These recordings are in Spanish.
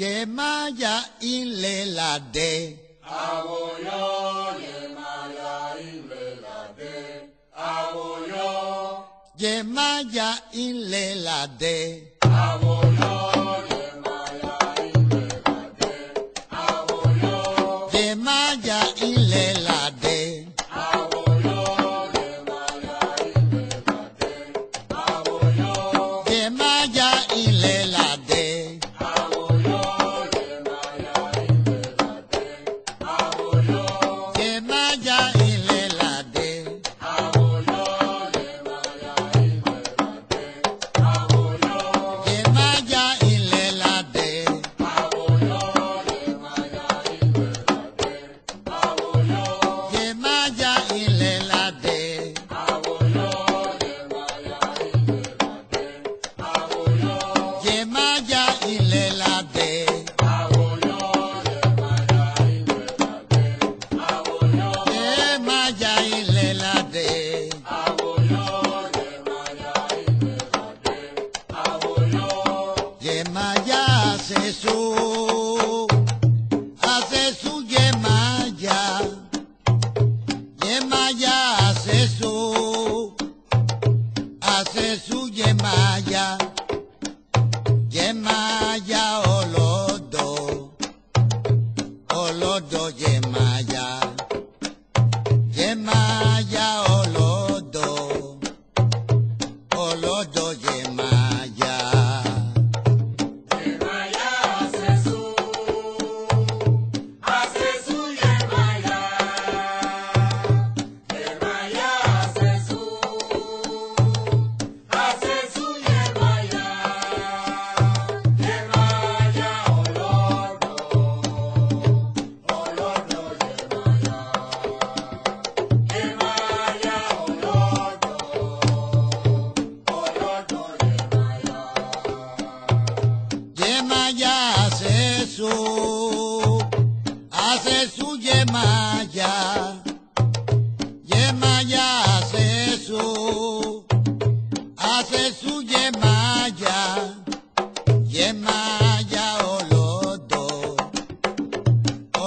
Yemaya de Aboyo, yemaya de aboyó, Yemaya de.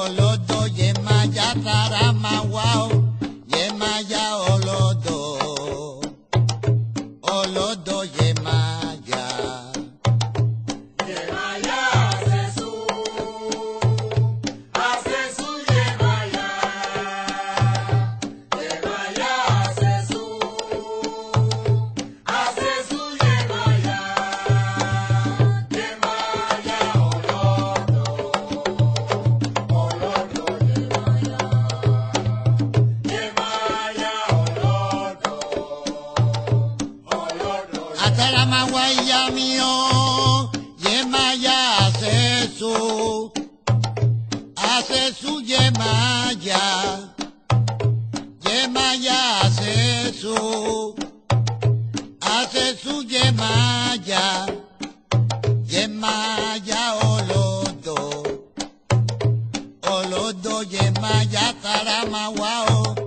lọ́jọ́. hace su yemaya, yemaya olodo, olodo yemaya Taramahuao.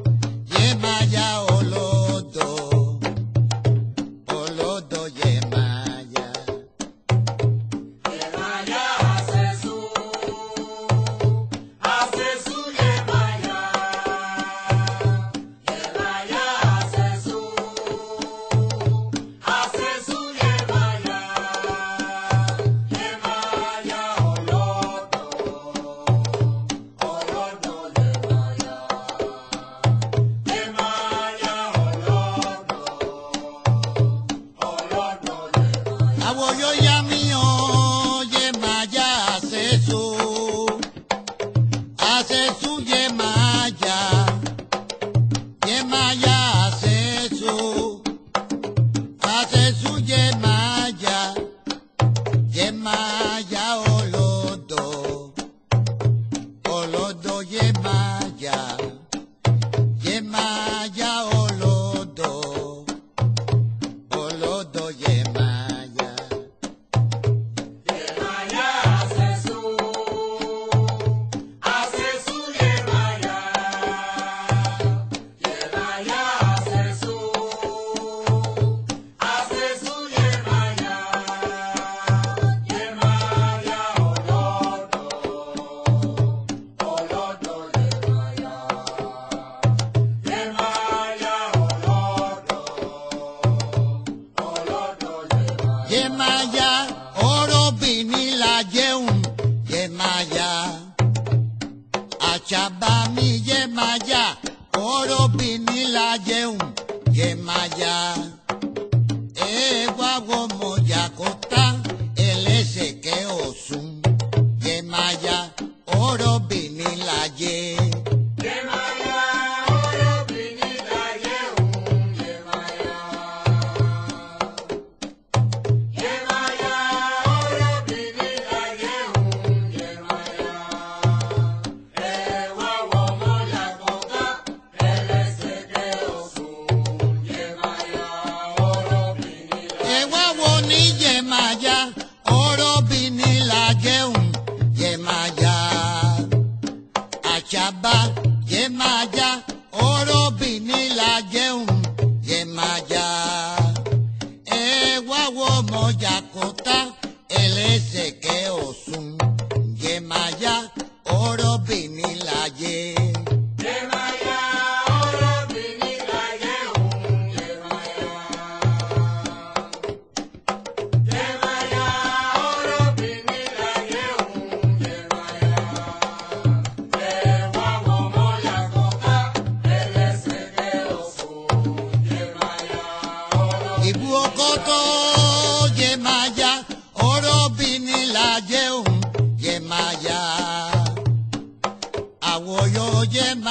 baba mi yemaya, oro vinila, yeun yemaya. Ewa gomo el ese que osun yemaya, oro vinila, yeun. oyen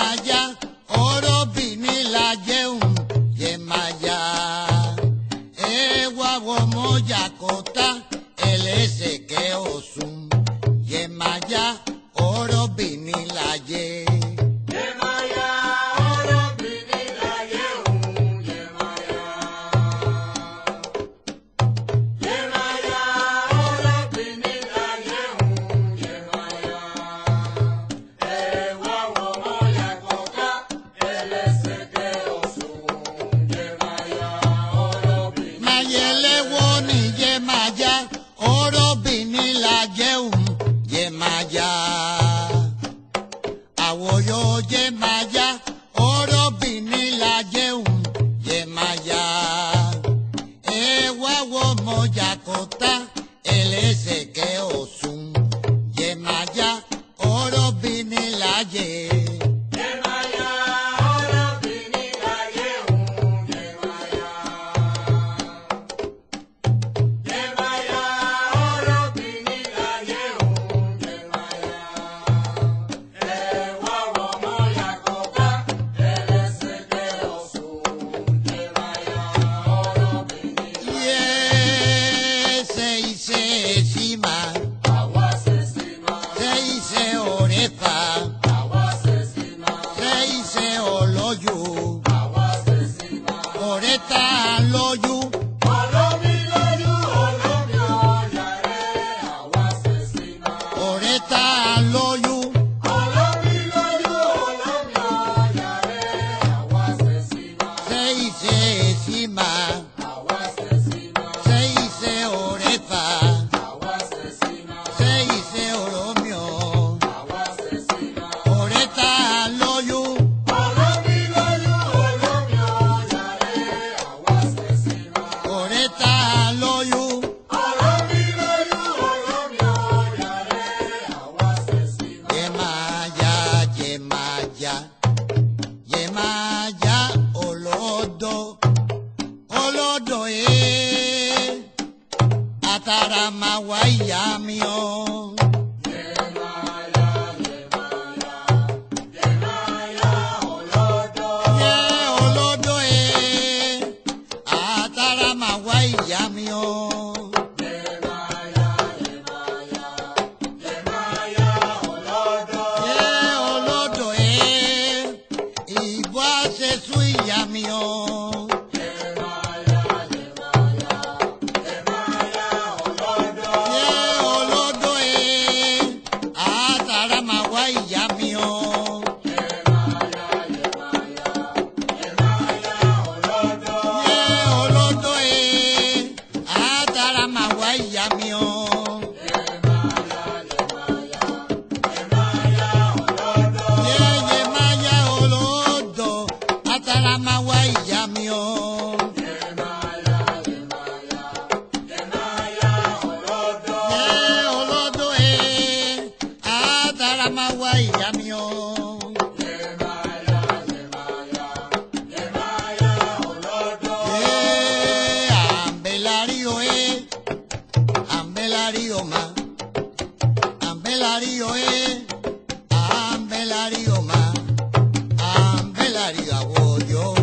Yo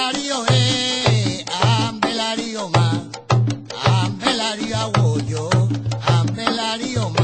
ambelario eh, ambelario ma, ambelario aguoyo, ambelario ma.